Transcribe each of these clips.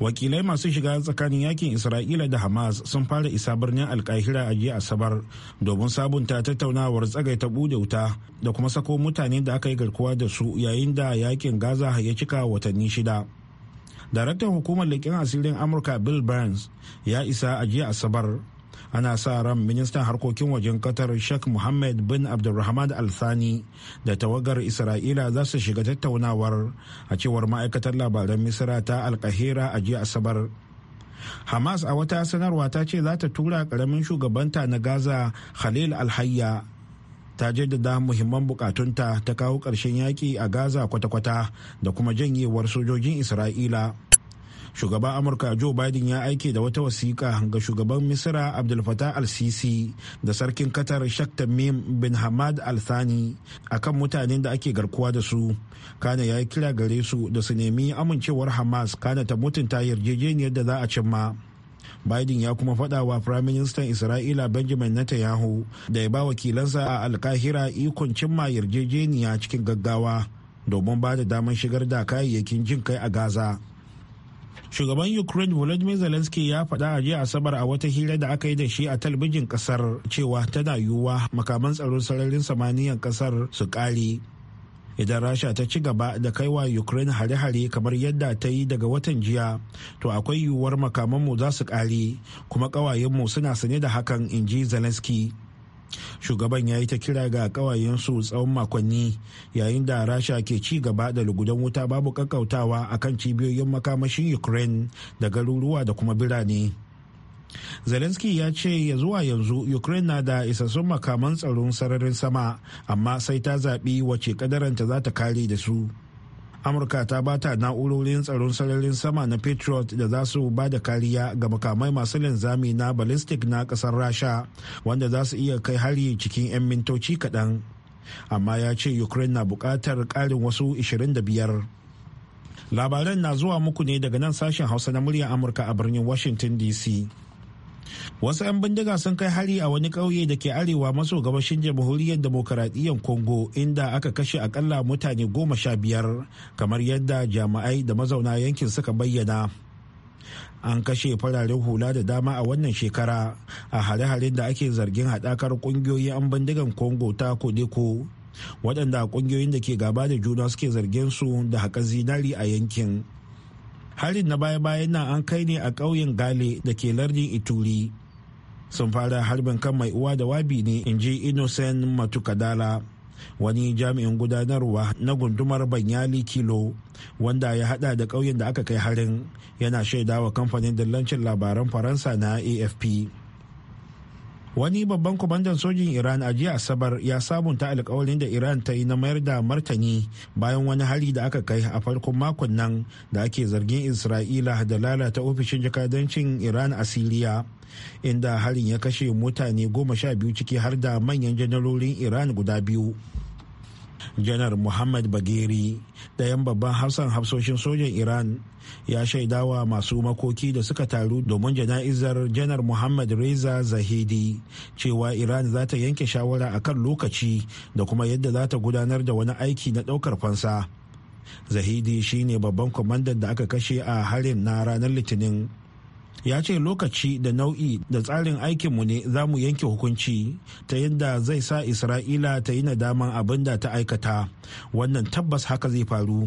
wakilai masu shiga tsakanin yakin isra'ila da hamas sun fara isa birnin alkahira a jiya asabar domin sabunta tattaunawar ta bude wuta da kuma sako mutane da aka yi garkuwa da su yayin da yakin gaza ya cika watanni shida daraktan hukumar leƙen asirin amurka bill burns ya isa a jiya asabar ana sa ran ministan harkokin wajen qatar sheikh muhammed bin abdulrahman al-thani da tawagar isra'ila za su shiga tattaunawar a cewar ma'aikatar labaran misira ta alkahira a jiya asabar hamas a wata sanarwa ta ce za ta tura karamin shugabanta na gaza khalil alhayya ta jaddada muhimman bukatunta ta kawo ƙarshen yaƙi a gaza kwata-kwata da kuma janyewar sojojin isra'ila shugaban amurka joe biden ya aike da wata wasiƙa ga shugaban misira abdul fatah al-sisi da sarkin qatar shak tamim bin hamad al-thani akan mutanen da ake garkuwa da su kana ya yi kira gare su da su nemi amincewar hamas kana ta mutunta yarjejeniyar da za a cimma biden ya kuma faɗa wa firaministan isra'ila benjamin netanyahu da ya ba wakilansa a alkahira ikon cimma yarjejeniya cikin gaggawa domin ba da damar shigar da kayayyakin jin kai a gaza shugaban ukraine volodymyr zelensky ya faɗa a jiya asabar a wata hira da aka yi da shi a talbijin kasar cewa tana yiwuwa makaman tsaron sararin samaniyan kasar su ƙare idan rasha ta ci gaba da kai wa ukraine hare-hare kamar yadda ta yi daga watan jiya to akwai yiwuwar makamanmu za su ƙare kuma ƙawayenmu suna sane da hakan in ji zelensky shugaban ya yi ta kira ga su tsawon makonni yayin da rasha ke ci gaba da lugudan wuta babu kakkautawa akan cibiyoyin makamashin ukraine da garuruwa da kuma birane zelensky ya ce ya zuwa yanzu ukraine na da isassun makaman tsaron sararin sama amma sai ta zaɓi wace kadaranta za ta kare da su amurka ta bata na'urorin tsaron sararin sama na patriot da za su ba da kariya ga makamai masu linzami na ballistic na kasar rasha wanda za su iya kai hari cikin 'yan mintoci kaɗan amma ya ce ukraine na buƙatar ƙarin wasu 25 labaran na zuwa muku ne daga nan sashen hausa na muryar amurka a birnin washington dc wasu 'yan bindiga sun kai hari a wani ƙauye da ke arewa maso gabashin jamhuriyar demokaradiyyar congo inda aka kashe akalla mutane goma sha biyar kamar yadda jami'ai da mazauna yankin suka bayyana an kashe fararen hula da dama a wannan shekara a hare-haren da ake zargin haɗakar ƙungiyoyin 'yan bindigan congo ta kodeko waɗanda ƙungiyoyin da ke gaba da juna suke zargin su da haƙar zinari a yankin harin na baya-bayan nan an kai ne a ƙauyen gale da ke lardin ituri sun fara harbin kan mai uwa da wabi ne in ji innocent matukadala wani jami'in gudanarwa na gundumar banyali kilo wanda ya hada da ƙauyen da aka kai harin yana shaidawa kamfanin dillancin labaran faransa na afp wani babban kwamandan sojin iran a jiya asabar ya sabunta alkawarin da iran ta yi na mayar da martani bayan wani hari da aka kai a farkon makon nan da ake zargin isra'ila da lalata ofishin jakadancin iran a siriya inda harin ya kashe mutane goma sha biyu ciki har da manyan janarorin iran guda biyu janar muhammad bageri ɗayan babban hafsan hafsoshin sojan iran ya shaidawa masu makoki da suka taru domin jana'izar janar muhammad reza zahidi cewa iran za ta yanke shawara a kan lokaci da kuma yadda za ta gudanar da wani aiki na ɗaukar fansa zahidi shine babban kwamandan da aka kashe a harin na ranar litinin ya ce lokaci da nau'i da tsarin aikinmu ne za mu yanke hukunci ta yadda zai sa isra'ila ta yi nadaman abin da ta aikata wannan tabbas haka zai faru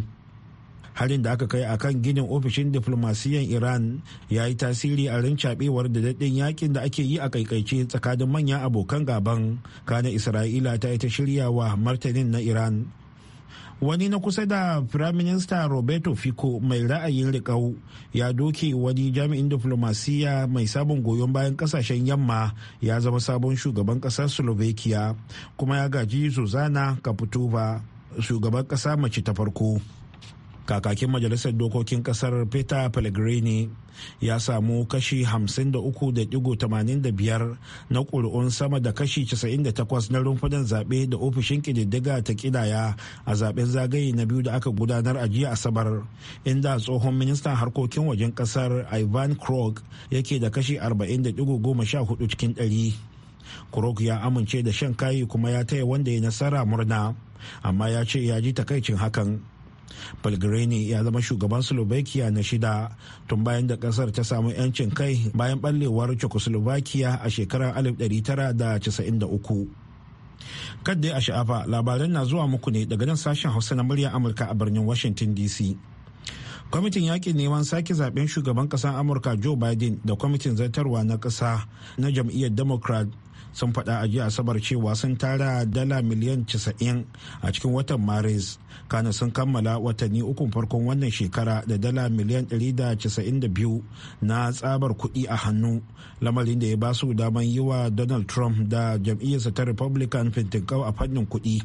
harin da aka kai a kan ginin ofishin diflomasiyan iran ya yi tasiri a rincaɓewar da daɗin yakin da ake yi a kaikaice tsakanin manyan abokan gaban kana isra'ila ta yi ta shirya wa martanin na iran wani na kusa da firaminista roberto fico mai ra'ayin riƙau ya doke wani jami'in diflomasiyya mai sabon goyon bayan kasashen yamma ya zama sabon shugaban ƙasa slovakia kuma ya gaji zuzana kaputova shugaban ƙasa mace ta farko kakakin majalisar dokokin kasar peter pellegrini ya samu kashi 53.85 na ƙuri'un sama da kashi 98 na rumfunan zaɓe da ofishin ƙididdiga ta ƙidaya a zaɓen zagaye na biyu da aka gudanar a jiya asabar inda tsohon ministan harkokin wajen ƙasar ivan krog yake da kashi 40.14 cikin ɗari. krog ya amince da shan kayi kuma ya taya wanda ya nasara murna, amma ya ce ya ji takaicin hakan. Pellegrini ya zama shugaban Slovakia na shida tun bayan da kasar ta samu 'yancin kai bayan ɓallewar Czechoslovakia a shekarar 1993. Kadda a sha'afa labaran na zuwa muku ne daga nan sashen Hausa na murya Amurka a birnin Washington DC. kwamitin Yaƙin neman sake zaben shugaban kasar amurka joe biden da kwamitin zartarwa na ƙasa na jam'iyyar democrat sun faɗa a jiya asabar cewa sun tara dala miliyan 90 a cikin watan maris kana sun kammala watanni ukun farkon wannan shekara da dala miliyan 192 na tsabar kuɗi a hannu lamarin da ya ba su daman yi wa donald trump da jam'iyyarsa ta republican fintinkau a fannin kuɗi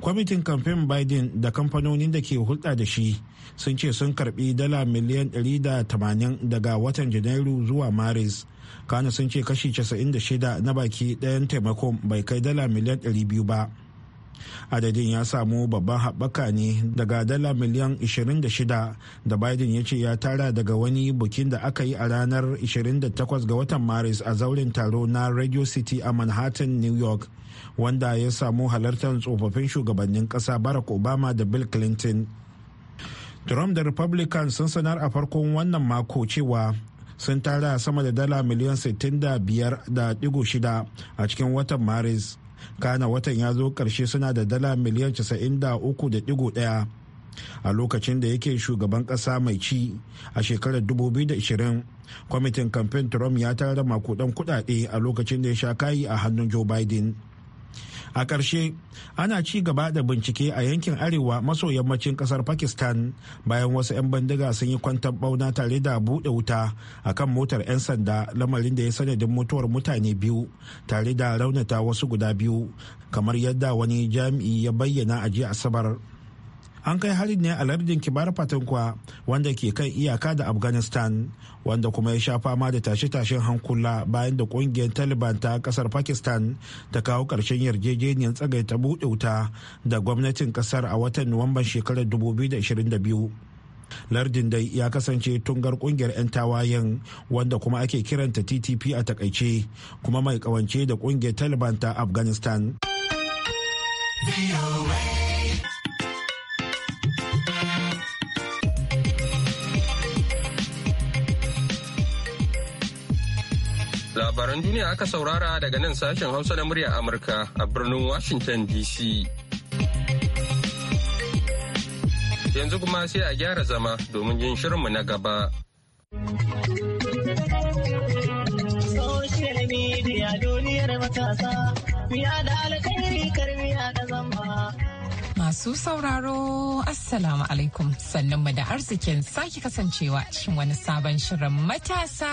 kwamitin kamfen biden da kamfanonin da ke hulɗa da shi sun ce sun karbi dala miliyan 180 daga watan janairu zuwa maris kana sun ce kashi 96 na baki ɗayan taimakon bai kai dala miliyan 200 ba adadin ya samu babban haɓaka ne daga dala miliyan 26 da biden ya ce ya tara daga wani bukin da aka yi a ranar 28 ga watan maris a zauren taro na radio city a manhattan new york wanda ya samu halartar tsofaffin shugabannin ƙasa barack obama da bill clinton trump da republican sun sanar a farkon wannan mako cewa sun tara sama da dala miliyan 65.6 a cikin watan maris kana watan ya zo karshe suna da dala miliyan 93.1 a lokacin da yake shugaban kasa mai ci a shekarar 2020 kwamitin kamfen trump ya tara makudan kudade a lokacin da ya sha kayi a hannun joe biden a ƙarshe ana ci gaba da bincike a yankin arewa maso yammacin ƙasar pakistan bayan wasu 'yan bandiga sun yi kwantar bauna tare da buɗe wuta a kan motar 'yan sanda lamarin da ya sanadin mutuwar mutane biyu tare da raunata wasu guda biyu kamar yadda wani jami'i ya bayyana a jiya asabar an kai harin ne a lardin kibar fatankwa wanda ke kan iyaka da afghanistan wanda kuma ya sha fama da tashe-tashen hankula bayan da kungiyar taliban ta kasar pakistan ta kawo karshen yarjejeniyar tsagaita buɗe wuta da gwamnatin kasar a watan nuwamban shekarar 2022 lardin dai ya kasance tungar kungiyar 'yan tawayen wanda kuma ake kiranta ttp a takaice kuma mai kawance da kungiyar taliban ta afghanistan Labaran duniya aka saurara daga nan sashen Hausa da murya Amurka a birnin Washington DC. Yanzu kuma sai a gyara zama domin yin shirinmu na gaba. masu sauraro assalamu alaikum sannan mu da arzikin sake kasancewa cikin wani sabon shirin matasa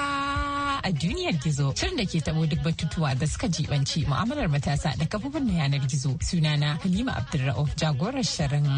a duniyar gizo shirin da ke tabo duk batutuwa da suka jibanci mu'amalar matasa da kafofin yanar gizo sunana Halima Abdulra'uf jagorar shirin.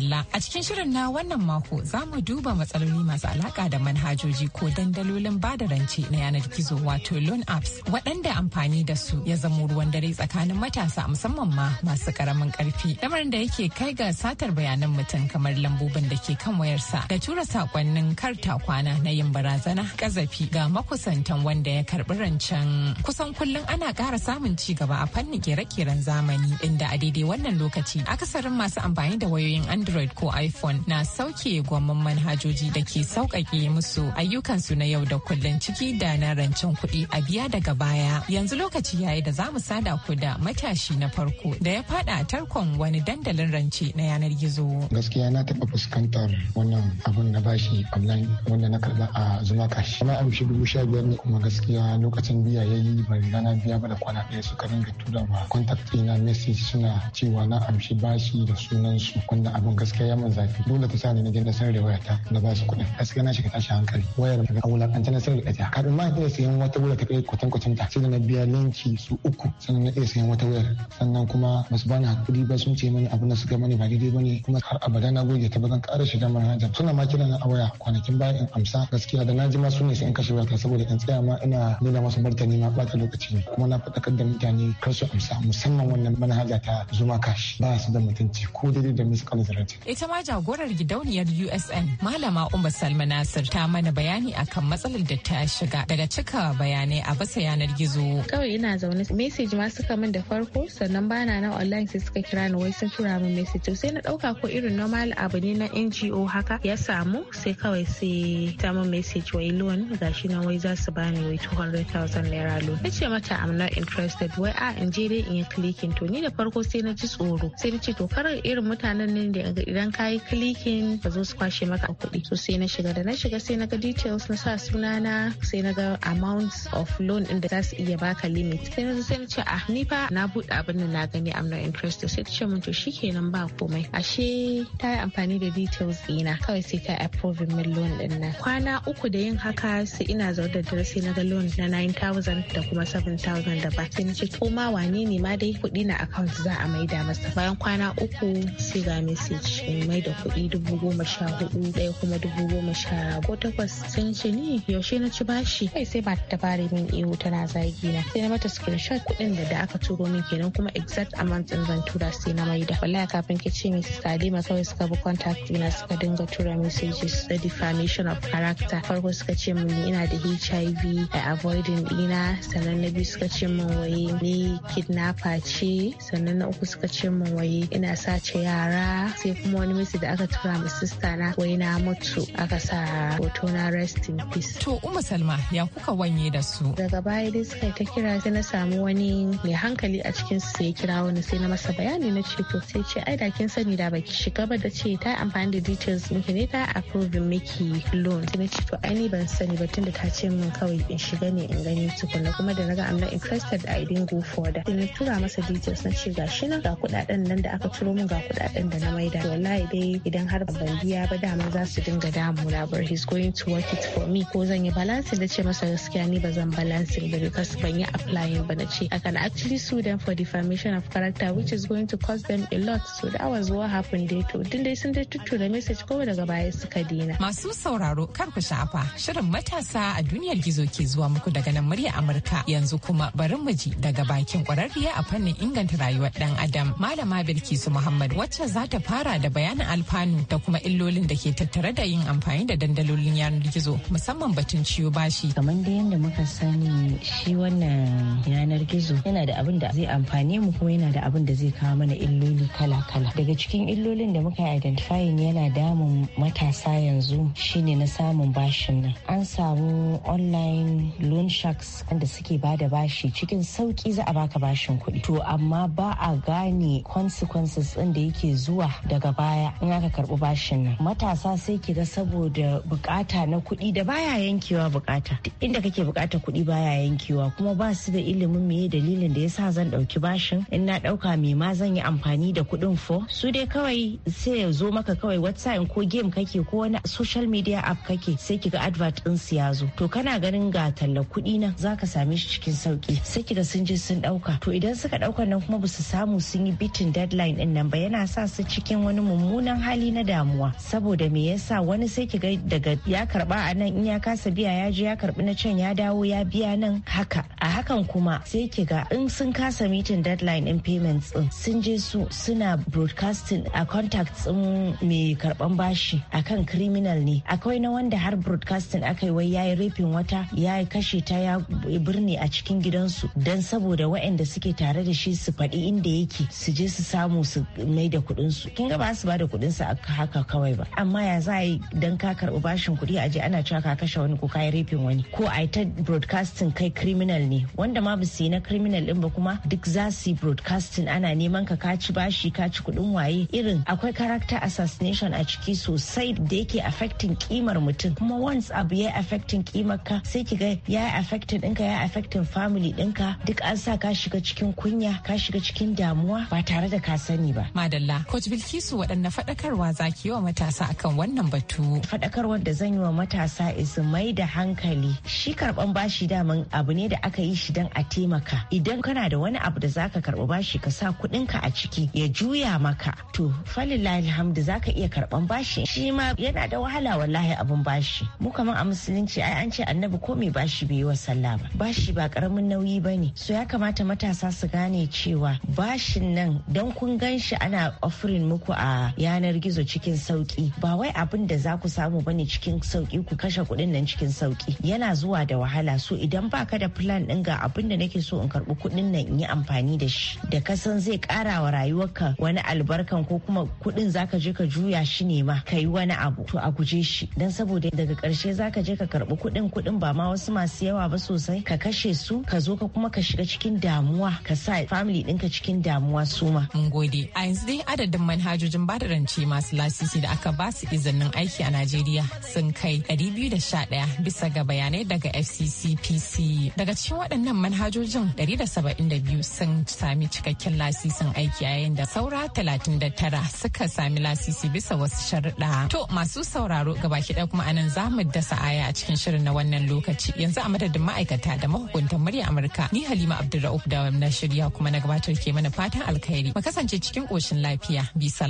madalla. A cikin shirin na wannan mako za mu duba matsaloli masu alaka da manhajoji ko dandalolin bada rance na yanar gizo wato loan apps waɗanda amfani da su ya zamo ruwan dare tsakanin matasa musamman ma masu karamin karfi. Lamarin da yake kai ga satar bayanan mutum kamar lambobin da ke kan wayarsa da tura saƙonnin karta kwana na yin barazana kazafi ga makusantan wanda ya karbi rancen kusan kullum ana ƙara samun ci gaba a fannin kere-keren zamani inda a daidai wannan lokaci akasarin masu amfani da wayoyin android android ko iphone na sauke gwamman manhajoji da ke sauƙaƙe musu ayyukansu na yau da kullum ciki da na rancen kuɗi a biya daga baya yanzu lokaci yayi da za mu sada ku da matashi na farko da ya fada tarkon wani dandalin rance na yanar gizo gaskiya na taɓa fuskantar wannan abun na bashi online wanda na karɓa a zuma kashi na amshi dubu sha biyar ne kuma gaskiya lokacin biya ya yi ban na biya ba da kwana ɗaya suka ringa tura ma contact message suna cewa na amshi bashi da sunan su wanda abun gaskiya ya mun zafi dole ta sani na je na sanar da wayata na ba su kuɗin gaskiya na shiga tashi hankali wayar daga aulan an tana na sanar da ita kafin ma ta sayan wata wayar ta kai kwatan kwatan ta sai na biya linki su uku sannan na iya sayan wata wayar sannan kuma ba su bani hakuri ba sun ce mani abin da suka mani ba daidai bane kuma har abada na goge ta ba zan ƙara shiga manhajar suna ma kira a waya kwanakin baya in amsa gaskiya da na ji ma su ne sai in kashe wata saboda in tsaya ma ina nuna masu martani ma ɓata lokaci ne kuma na faɗakar da mutane kar su amsa musamman wannan manhaja ta zuma kashi ba su da mutunci ko daidai da miskalar Ita ma jagorar gidauniyar USN Malama Umar Salma Nasir ta mana bayani akan matsalar da ta shiga daga cika bayanai a basa yanar gizo. Kawai ina zaune message ma suka min da farko sannan bana na online sai suka kira ni wai sun tura min message to sai na dauka ko irin normal abu ne na NGO haka ya samu sai kawai sai ta min message wai loan gashi na wai za su bani wai 200,000 naira loan. Na ce mata I'm not interested wai a in je dai in yi clicking to ni da farko sai na ji tsoro sai na ce to karar irin mutanen ne da daga idan ka yi klikin ka zo su kwashe maka kuɗi so sai na shiga da na shiga sai naga ga details na sa sunana sai naga ga amounts of loan din da za su iya baka limit sai na sai na ce ah ni fa na buɗe abin da na gani am not interested sai ta ce mun to shikenan ba komai ashe ta yi amfani da details ɗina kawai sai ta approve min loan din nan kwana uku da yin haka sai ina zaune da dare sai na ga loan na 9000 da kuma 7000 da ba sai na ce to ma wane ne ma dai kuɗi na account za a maida masa bayan kwana uku sai ga mesi banki mai da kuɗi dubu goma sha hudu ɗaya kuma dubu goma sha ko takwas sai ce ni yaushe na ci bashi kai sai ba ta fara min ihu tana zagi na sai na mata screenshot kuɗin da da aka turo min kenan kuma exact amount din zan tura sai na maida wallahi kafin ki ce min Salima kawai suka bi contact ɗina suka dinga tura messages da defamation of character farko suka ce min ina da HIV i-avoid ina sannan na biyu suka ce min waye ni kidnapper ce sannan na uku suka ce min waye ina sace yara sai sai kuma wani mace da aka tura ma sista na wai na mutu aka sa hoto na rest in peace to umma salma ya kuka wanye da su daga baya dai suka ta kira sai na samu wani mai hankali a cikin su sai kira wani sai na masa bayani na ce to sai ce ai da kin sani da baki shiga ba da ce ta amfani da details miki ne ta approve miki loan sai na ce to ai ni ban sani ba tunda ta ce min kawai in shiga ne in gani tukunna kuma da naga I'm not interested I didn't go for that sai na tura masa details na ce gashi nan ga kudaden nan da aka turo min ga kudaden da na maida to wallahi dai idan har ban biya ba dama za su dinga damuna but he's going to work it for me ko zan yi balancing da ce masa gaskiya ni ba zan balancing ba because ban yi applying ba na ce I can actually sue them for defamation of character which is going to cost them a lot so that was what happened dai to din dai sun dai tuttura message ko daga baya suka dina. Masu sauraro kar ku sha'afa shirin matasa a duniyar gizo ke zuwa muku daga nan murya Amurka yanzu kuma bari mu ji daga bakin kwararriya a fannin inganta rayuwar dan adam malama Bilkisu Muhammad wacce za ta fara fara da bayanin alfanu da kuma illolin da ke tattare da yin amfani da dandalolin yanar gizo musamman batun ciwo bashi. Kamar da yadda muka sani shi wannan yanar gizo yana da abin da zai amfane mu kuma yana da abin da zai kawo mana illoli kala-kala. Daga cikin illolin da muka identifayin yana damun matasa yanzu shine na samun bashin nan. An samu online loan sharks wanda suke ba da bashi cikin sauki za a baka bashin kuɗi. To amma ba a gane consequences ɗin da yake zuwa da daga baya in aka karbi bashin nan matasa sai ki ga saboda bukata na kuɗi da baya yankewa bukata inda kake bukata kuɗi baya yankewa kuma ba su da ilimin meye dalilin da yasa zan dauki bashin in na ɗauka me ma zan yi amfani da kuɗin fo su dai kawai sai ya zo maka kawai whatsapp ko game kake ko wani social media app kake sai kiga advert din su ya zo to kana ganin ga talla kuɗi na zaka same shi cikin sauki sai kiga sun je sun dauka to idan suka dauka nan kuma ba su samu sun yi bitin deadline din nan ba yana sa su cikin wani mummunan hali na damuwa saboda me yasa wani sai ki ga daga ya karba a nan in ya kasa biya ya je ya karbi na can ya dawo ya biya nan haka a hakan kuma sai ki ga in sun kasa meeting deadline in payments din sun je su suna broadcasting a contacts din mai karban bashi akan criminal ne akwai na wanda har broadcasting aka yi wai yayi rapin wata ya kashe ta ya birni a cikin gidansu dan saboda waɗanda suke tare da shi su faɗi inda yake su je su samu su mai da kuɗinsu kin ga ba su ba da kuɗin su haka kawai ba amma ya za yi dan ka karɓi bashin kuɗi a je ana cewa ka kashe wani ko ka yi rafin wani ko a ta broadcasting kai criminal ne wanda ma ba su yi na criminal din ba kuma duk za su yi broadcasting ana neman ka ka ci bashi ka ci kuɗin waye irin akwai character assassination a ciki sosai da yake affecting kimar mutum kuma once abu ya affecting kimar ka sai ki ga ya affecting ɗinka ya affecting family ɗinka duk an sa ka shiga cikin kunya ka shiga cikin damuwa ba tare da ka sani ba madalla coach bilki su waɗanne faɗakarwa za ki yi wa matasa akan wannan batu faɗakarwar da zan yi wa matasa isu mai da hankali shi karɓan bashi daman abu ne da aka yi shi don a taimaka idan kana da wani abu da za ka karɓa bashi ka sa kuɗinka a ciki ya juya maka to falilahi alhamdu za ka iya karɓan bashi shi ma yana da wahala wallahi abun bashi mu kaman a musulunci ai an ce annabi ko mai bashi bai yi wa sallah ba bashi ba karamin nauyi ba ne. so ya kamata matasa su gane cewa bashin nan don kun gan shi ana ofirin muku ku a yanar gizo cikin sauki ba wai abin da za ku samu ba ne cikin sauki ku kashe kuɗin nan cikin sauki yana zuwa da wahala so idan ba ka da plan ɗin ga abin da nake so in karɓi kuɗin nan in yi amfani da shi da ka san zai ƙara wa rayuwarka wani albarkan ko kuma kuɗin ka je ka juya shi ne ma ka yi wani abu to a guje shi dan saboda daga ƙarshe ka je ka karɓi kuɗin kuɗin ba ma wasu masu yawa ba sosai ka kashe su ka zo ka kuma ka shiga cikin damuwa ka sa family ɗinka cikin damuwa su ma. Mun gode a yanzu dai adadin manhajoji manhajojin bada rance masu lasisi da aka ba su izinin aiki a Najeriya sun kai 211 bisa ga bayanai daga FCCPC. Daga cikin waɗannan manhajojin 172 sun sami cikakken lasisin aiki a yayin da saura 39 suka sami lasisi bisa wasu sharuɗa. To masu sauraro baki ɗaya kuma anan za mu dasa aya a cikin shirin na wannan lokaci yanzu a madadin ma'aikata da mahukuntan murya Amurka ni Halima Abdulrahman da na shirya kuma na gabatar ke mana fatan alkhairi mu kasance cikin ƙoshin lafiya bisa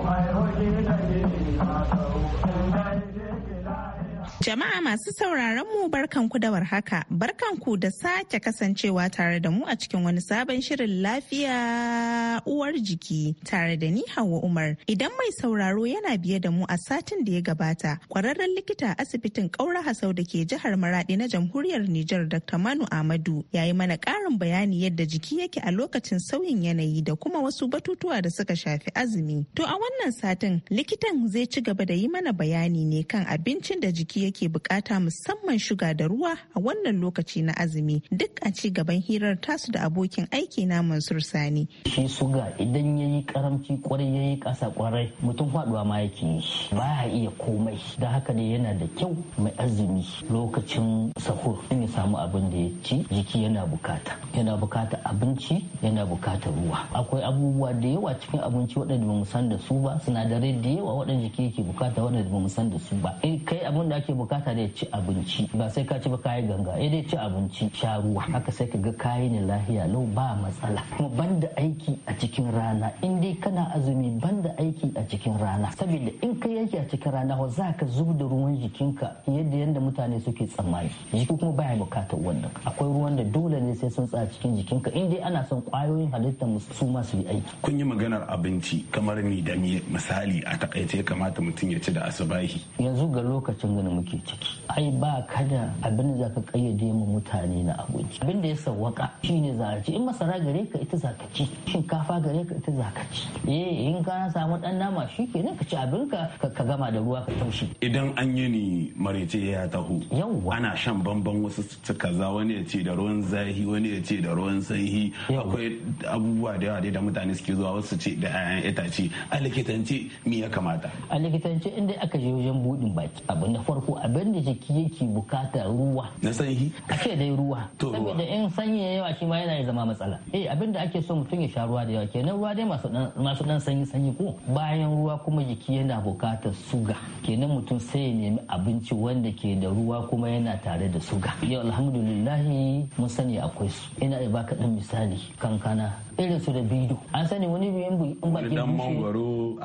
Jama'a masu sauraron mu barkanku da warhaka, barkanku da sake kasancewa tare da mu a cikin wani sabon shirin lafiya uwar jiki tare da ni Hauwa Umar. Idan mai sauraro yana biye da mu a satin da ya gabata, kwararren likita asibitin Kaura Hasau da ke jihar Maradi na Jamhuriyar Nijar Dr. Manu Amadu ya yi mana ƙarin bayani yadda jiki yake a lokacin sauyin yanayi da kuma wasu batutuwa da suka shafi azumi. To a wannan satin likitan zai ci gaba da yi mana bayani ne kan abincin da jiki yake bukata musamman shuga da ruwa a wannan lokaci na azumi duk a ci gaban hirar tasu da abokin aiki na Mansur Sani. Shi suga idan yayi karamci kwarai ya yi kasa kwarai mutum faduwa ma yake yi ba ya iya komai da haka ne yana da kyau mai azumi lokacin sahur in ya samu abin da ya ci jiki yana bukata yana bukata abinci yana bukata ruwa akwai abubuwa da yawa cikin abinci waɗanda ba mu san da su ba sinadarai da yawa waɗanda jiki yake bukata waɗanda ba mu san da su ba eh, kai abin da ake bukata ne ci abinci ba sai ka ci ba kayan ganga ya eh dai ci abinci sha ruwa haka sai ka ga kayan ne lahiya lau ba matsala kuma banda aiki a cikin rana in dai kana azumi banda aiki a cikin rana saboda in ka yanke a cikin rana wa za ka zub da ruwan jikinka yadda yadda mutane suke tsammani jiki kuma baya bukatar wannan akwai ruwan da dole ne sai sun tsaya cikin jikinka in dai ana son kwayoyin halittar su ma su yi aiki kun yi maganar abinci kamar ni da misali a takaice ya kamata mutum ya ci da asubahi yanzu ga lokacin ganin muke muke ciki ai ba kada abin da zaka kayyade mu mutane na abinci abin da ya sawwaka shine za a in masara gare ka ita zaka ci shinkafa gare ka ita zaka ci eh in ka samu dan nama shi ne ka ci abin ka ka gama da ruwa ka taushe idan an yi ni marece ya taho yawwa ana shan bamban wasu su kaza wani ya ce da ruwan zahi wani ya ce da ruwan sanyi akwai abubuwa da yawa da mutane suke zuwa wasu ce da 'ya'yan itace a likitance me ya kamata a likitance inda aka je wajen budin baki abu na farko abin da jiki yake bukata ruwa na sanyi a ce dai ruwa saboda in sanyi ya yawa shi ma yana zama matsala eh abin da ake so mutum ya sha ruwa da yawa kenan ruwa dai masu dan sanyi sanyi ko bayan ruwa kuma jiki yana bukatar suga kenan mutum sai ya nemi abinci wanda ke da ruwa kuma yana tare da suga yau alhamdulillah mun sani akwai su ina da baka dan misali kankana irin su da bido an sani wani biyan in baki dan mangoro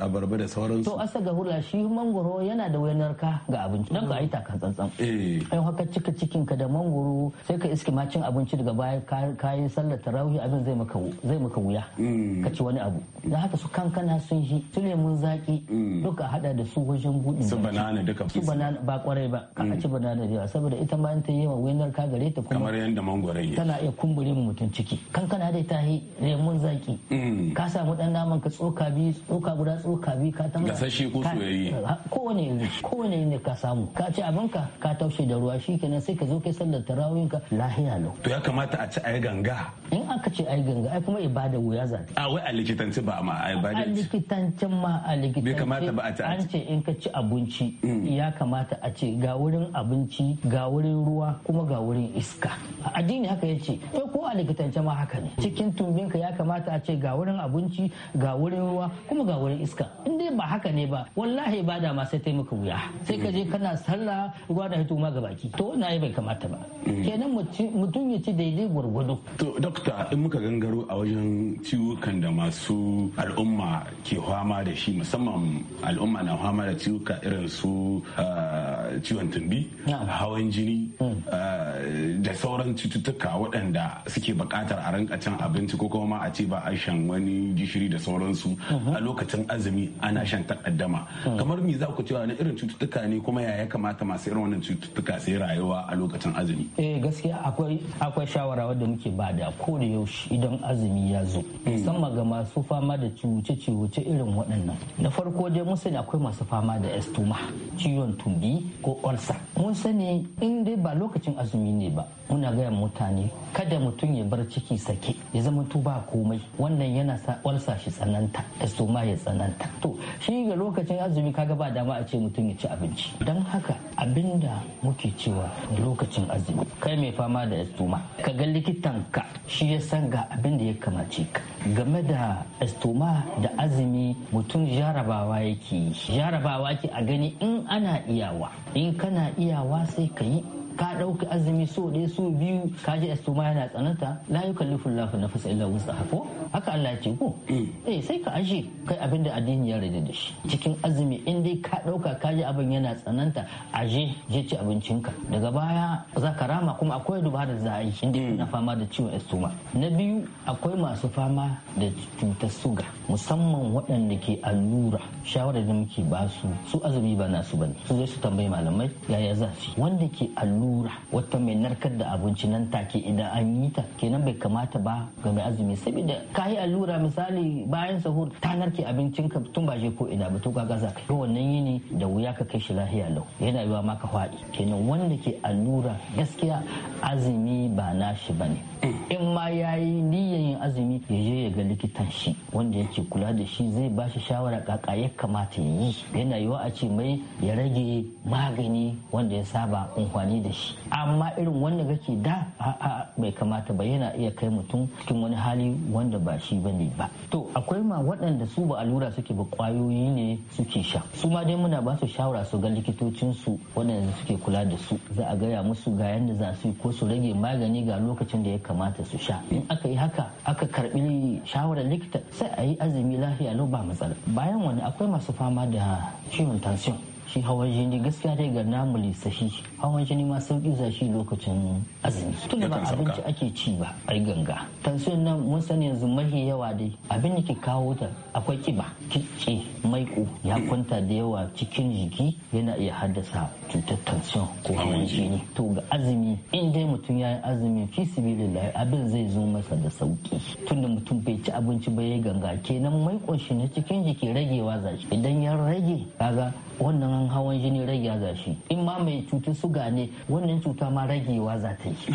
abarba da sauransu to asa ga hula shi mangoro yana da wayanar ka ga abinci dan ka mm. aita ka tsantsan eh ai haka cika cikin ka da mangoro sai ka iske ma cin abinci daga baya ka yi sallar tarawih abin zai maka zai maka wuya mm. ka ci wani abu dan haka su kankana sun shi su lemun zaki mm. duka hada da su wajen budin su banana duka su banana ba kwarai ba ka ci banana da yawa saboda ita ma ta yi wa wayanar ka gare ta kuma kamar yanda mangoro tana iya kumbure mutum ciki kankana dai ta yi lemun zaki mm. ka samu dan naman ka tsoka biyu tsoka guda tsoka biyu ka tamba gasashe ko soyayye kowane yanzu kowane ne ka samu ka ci abin ka ka taushe da ruwa shikenan sai ka zo kai sallar tarawih ka lahiya lau to ya kamata a ci ayi ganga in aka ce ayi ganga ai kuma ibada wuya za ta a wai a likitanci ba ma a ba a likitanci ma a likitanci bai kamata ba a ci an ce in ka ci abinci mm. ya kamata a ce ga wurin abinci ga wurin ruwa kuma ga wurin iska addini haka yace ko a likitance ma haka ne cikin cikin ka ya kamata a ce ga wurin abinci ga wurin ruwa kuma ga wurin iska in dai ba haka ne ba wallahi ba da ma sai taimaka wuya sai ka je kana sallah ruwa da hito ma ga baki to wannan ai bai kamata ba mm. kenan mutum ya ci daidai gwargwado to dokta in muka gangaro a wajen ciwukan da masu al'umma ke fama da shi musamman al'umma na fama da ciwuka irin su ah, ciwon tumbi hawan jini mm. ah, da sauran cututtuka waɗanda suke buƙatar a rinka cin abin abinci ko kuma ma a ce ba a shan wani gishiri da sauransu uh-huh. a lokacin azumi ana shan takaddama uh-huh. kamar me za ku cewa na irin cututtuka ne kuma ya kamata masu irin wannan cututtuka sai rayuwa a lokacin azumi eh gaskiya akwai akwai shawara wadda muke bada ko da yaushe idan azumi ya zo hmm. musamman ga masu fama da ciwuce-ciwuce irin waɗannan na farko dai mun sani akwai masu fama da estoma ciwon tumbi ko olsa mun sani in dai ba lokacin azumi ne ba muna gaya mutane kada mutum ya bar ciki sake ya zama mutu ba komai wannan yana sa walsa shi tsananta da soma ya tsananta to shi ga lokacin azumi kaga ba dama a ce mutum ya ci abinci don haka abinda muke cewa lokacin azumi kai mai fama da estoma ka ga likitan ka shi ya san ga abin da ya kamace ka game da estoma da azumi mutum jarabawa yake jarabawa ke a gani in ana iyawa in kana iyawa sai ka yi ka ɗauki azumi so ɗaya so biyu ka ji estoma yana tsananta la fulla Allahu nafsan illa wusa ko haka Allah ya ce ko mm. eh sai ka aje kai abin da addini ya rage da shi cikin azumi in dai ka ɗauka ka ji abin yana tsananta aje je ci abincinka daga baya za ka rama kuma akwai dubara da za a yi inda mm. na fama da ciwon estoma na biyu akwai masu fama da cutar suga musamman waɗanda ke allura shawarar da muke basu su su azumi ba nasu bane su zai su tambayi malamai yaya za su wanda ke allura larura wata mai narkar da abinci nan take idan an yi ta kenan bai kamata ba ga mai azumi saboda ka yi allura misali bayan sahur ta narke abincin ka tun ba ko ina ba to ka zaka to wannan yini da wuya ka kai shi lahiya lau yana yiwa maka faɗi kenan wanda ke allura gaskiya azumi ba na shi ba ne in ma yayi niyyar yin azumi ya je ya ga likitan shi wanda yake kula da shi zai ba shi shawara kaka ya kamata ya yi yana yiwa a ce mai ya rage magani wanda ya saba amfani da amma irin wanda kake da a'a bai kamata ba yana iya kai mutum cikin wani hali wanda ba shi bane ba to akwai ma waɗanda su ba allura suke ba ƙwayoyi ne suke sha su ma dai muna ba su shawara su ga likitocin su waɗanda suke kula da su za a gaya musu ga yanda za su yi ko su rage magani ga lokacin da ya kamata su sha in aka yi haka aka karbi shawarar likita sai a yi azumi lafiya lau ba matsala bayan wani akwai masu fama da ciwon tansiyon shi hawan jini gaskiya dai ga namu lissafi hawan jini ma sauki zashi lokacin azumi tunda ba abinci ake ci ba ai ganga tansu nan mun sani yanzu mahi yawa dai abin da ke kawo ta akwai kiba kitse maiko ya kwanta da yawa cikin jiki yana iya haddasa cutar tansu ko hawan jini to ga azumi in dai mutum ya yi azumi fi sibilillahi abin zai zo masa da sauki tunda mutum bai ci abinci ba ya ganga kenan mai shi na cikin jiki ragewa zashi idan ya rage kaga wannan hawan jini ragewa zashi in ma mai cutar su suga ne wannan cuta ma ragewa za ta yi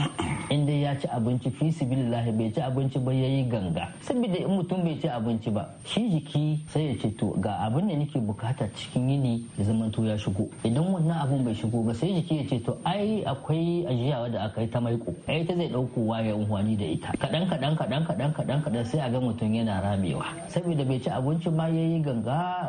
in dai ya ci abinci fi sibilillahi bai ci abinci ba yayi ganga saboda in mutum bai ci abinci ba shi jiki sai ya ce to ga abin da nake bukata cikin yini ya zama to ya shigo idan wannan abin bai shigo ba sai jiki ya ce to ai akwai ajiyawa da aka yi ta maiko ai ta zai dauko waya unhwani da ita kadan kadan kadan kadan kadan kadan sai a ga mutum yana ramewa saboda bai ci abinci ba yayi ganga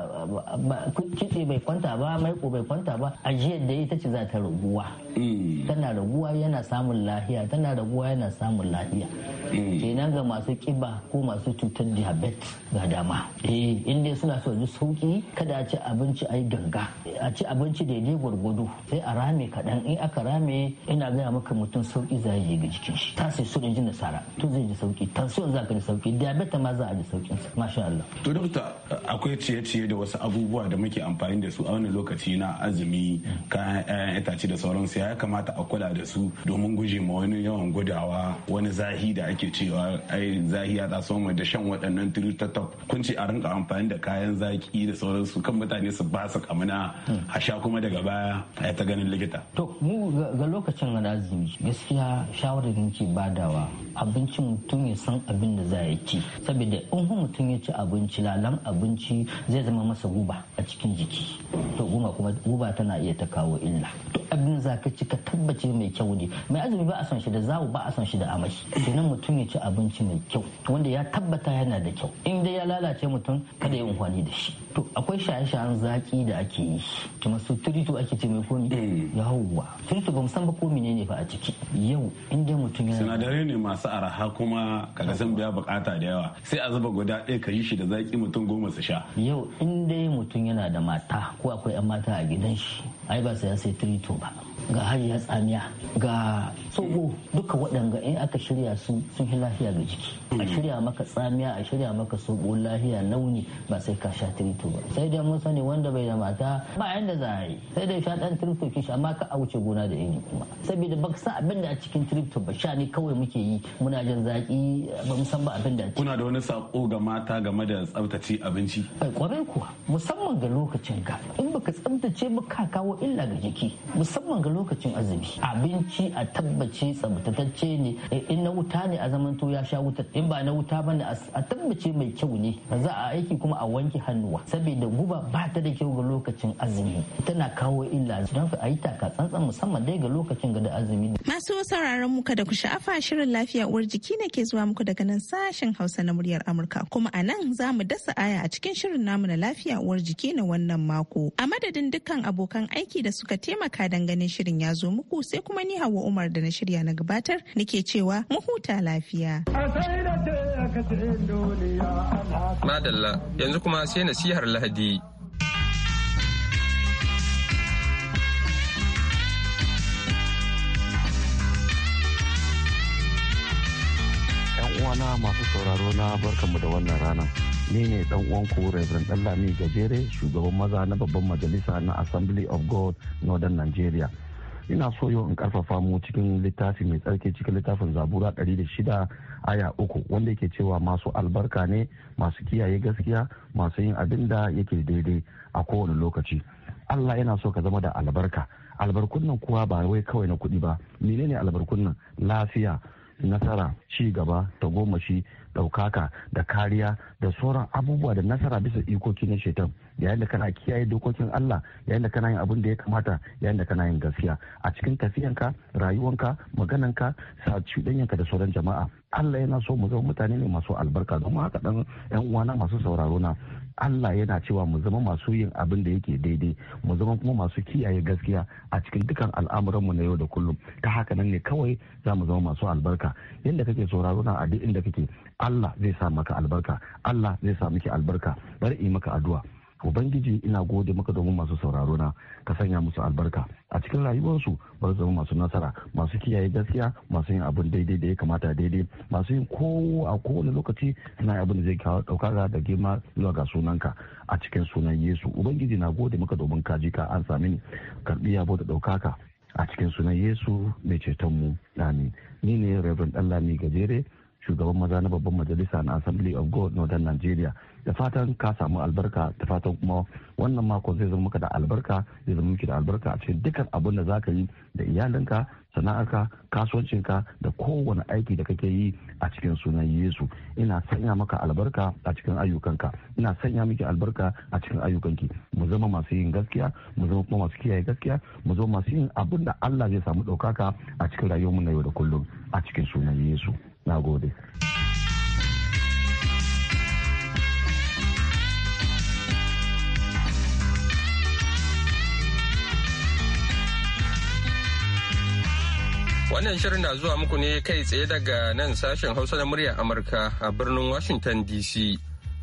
kitse bai kwanta ba maiko bai kwanta ba ajiyar da ita ce za ta rubu raguwa mm. tana raguwa yana samun lahiya tana raguwa yana samun lahiya mm. kenan ga masu kiba ko masu cutar diabetes ga dama eh inda suna so ji sauki kada a ci abinci ai ganga a ci abinci daidai gwargwado sai a rame kaɗan in aka rame ina gaya maka mutum sauki za yi ga jikin shi ta sai su ji nasara to zai ji sauki tansiyon za ka ji sauki diabetes ma za a ji sauki masha Allah to dokta akwai ciye-ciye da wasu abubuwa da muke amfani da su a wani lokaci na azumi kayan itace da su. sauransu ya kamata a kula da su domin guje ma wani yawan gudawa wani zahi da ake cewa ai zahi ya taso mai da shan waɗannan tiritatop kun ce a rinka amfani da kayan zaki da sauransu kan mutane su ba su kamuna a sha kuma daga baya a ta ganin likita. to mu ga lokacin azumi gaskiya shawarar da badawa abinci mutum ya san abin da za ya ci saboda in mutum ya ci abinci lalan abinci zai zama masa guba a cikin jiki to guba kuma guba tana iya ta kawo illa to abin yin za ka tabbace mai kyau ne mai azumi ba a son shi da zawo ba a son shi da amashi kenan mutum ya ci abinci mai kyau wanda ya tabbata yana da kyau in dai ya lalace mutum kada ya amfani da shi to akwai shaye-shayen zaki da ake yi kuma su turitu ake ce mai komi eh. yawwa turitu ba musamman ko menene fa a ciki yau in dai mutum yana sinadarai ne masu araha kuma kaga san biya bukata da yawa sai a zuba guda ɗaya ka yi shi da zaki mutum goma su sha yau in dai mutum yana da mata ko akwai 'yan mata a gidan shi ai ba sai ya sai turitu ba ga hariya tsamiya ga tsogo duka waɗanda in aka shirya su sun yi lafiya ga jiki a mm. shirya maka tsamiya a shirya maka tsogo lafiya launi ba sai ka sha tirito ba sai dai mun sani wanda bai da mata ba yanda za a yi sai dai sha ɗan tirito ki amma ka a wuce gona da yini kuma saboda baka sa abin da a cikin tirito ba sha ne kawai muke yi muna jin zaki ba mu san ba abin da kuna da wani sako ga mata game da tsaftace abinci kwarai eh, kuwa musamman ga lokacin ka in baka tsaftace ba ka kawo illa ga jiki musamman ga lokacin azumi abinci a tabbaci tsabtatacce ne eh, in na wuta ne a zaman to ya sha wuta in ba na wuta bane a tabbace mai kyau ne za a aiki kuma a wanke hannuwa saboda guba ba ta da kyau ga lokacin azumi tana kawo illa don ka ayi taka tsantsan musamman dai ga lokacin ga da azumi masu sauraron muka da ku sha'afa shirin lafiya uwar jiki ne ke zuwa muku daga nan sashen Hausa na muryar Amurka kuma a nan za mu dasa aya a cikin shirin namu na lafiya uwar jiki na wannan mako a madadin dukkan abokan aiki da suka taimaka dangane shirin shirin ya zo muku sai kuma ni hawa Umar da na shirya na gabatar nake cewa mu huta lafiya. Madalla yanzu kuma sai nasihar Lahadi. uwana masu sauraro na barkanmu da wannan rana ni ne dan uwan ku Reverend Dallami Gajere shugaban maza na babban majalisa na Assembly of God Northern Nigeria ina so yau in karfafa mu cikin littafi mai tsarki cikin littafin zabura ɗari da shida aya uku wanda yake cewa masu albarka ne masu kiyaye gaskiya masu yin abin da yake daidai a kowane lokaci allah yana so ka zama da albarka albarkunan kuwa ba wai kawai na kuɗi ba menene albarkun nan lafiya nasara ci gaba ta goma shi ɗaukaka da kariya da sauran abubuwa da nasara bisa ikoki na shetan yayin da kana kiyaye dokokin Allah yayin da kana yin abin da ya kamata yayin da kana yin gaskiya a cikin tafiyanka rayuwanka magananka sa cudanyanka da sauran jama'a Allah yana so mu zama mutane ne masu albarka don haka dan yan uwana masu sauraro na Allah yana cewa mu zama masu yin abin da yake daidai mu zama kuma masu kiyaye gaskiya a cikin dukkan al'amuranmu na yau da kullum ta haka nan ne kawai za mu zama masu albarka yadda kake sauraro na a da inda kake Allah zai sa maka albarka Allah zai sa miki albarka bari yi maka addu'a ubangiji ina gode maka domin masu sauraro na ka sanya musu albarka a cikin rayuwarsu ba zama masu nasara masu kiyaye gaskiya masu yin abin daidai da ya kamata daidai masu yin kowa a kowane lokaci suna yi abin da zai kawo daukaka da girma zuwa ga sunanka a cikin sunan yesu ubangiji na gode maka domin ka ji ka an sami karbi yabo da daukaka a cikin sunan yesu mai cetonmu mu amin ni ne reverend allah ni gajere shugaban maza na babban majalisa na assembly of god northern nigeria da fatan ka samu albarka da fatan kuma wannan mako zai zama maka da albarka zai zama miki da albarka a cikin dukkan abin da zaka yi da iyalinka sana'arka kasuwancinka da kowane aiki da kake yi a cikin sunan yesu ina sanya maka albarka a cikin ayyukanka ina sanya miki albarka a cikin ayyukanki mu zama masu yin gaskiya mu zama kuma masu kiyaye gaskiya mu zama masu yin abin da allah zai samu ɗaukaka a cikin rayuwarmu na yau da kullum a cikin sunan yesu na gode Wannan shirin na zuwa muku ne kai tsaye daga nan sashen Hausa na muryar Amurka a birnin Washington DC.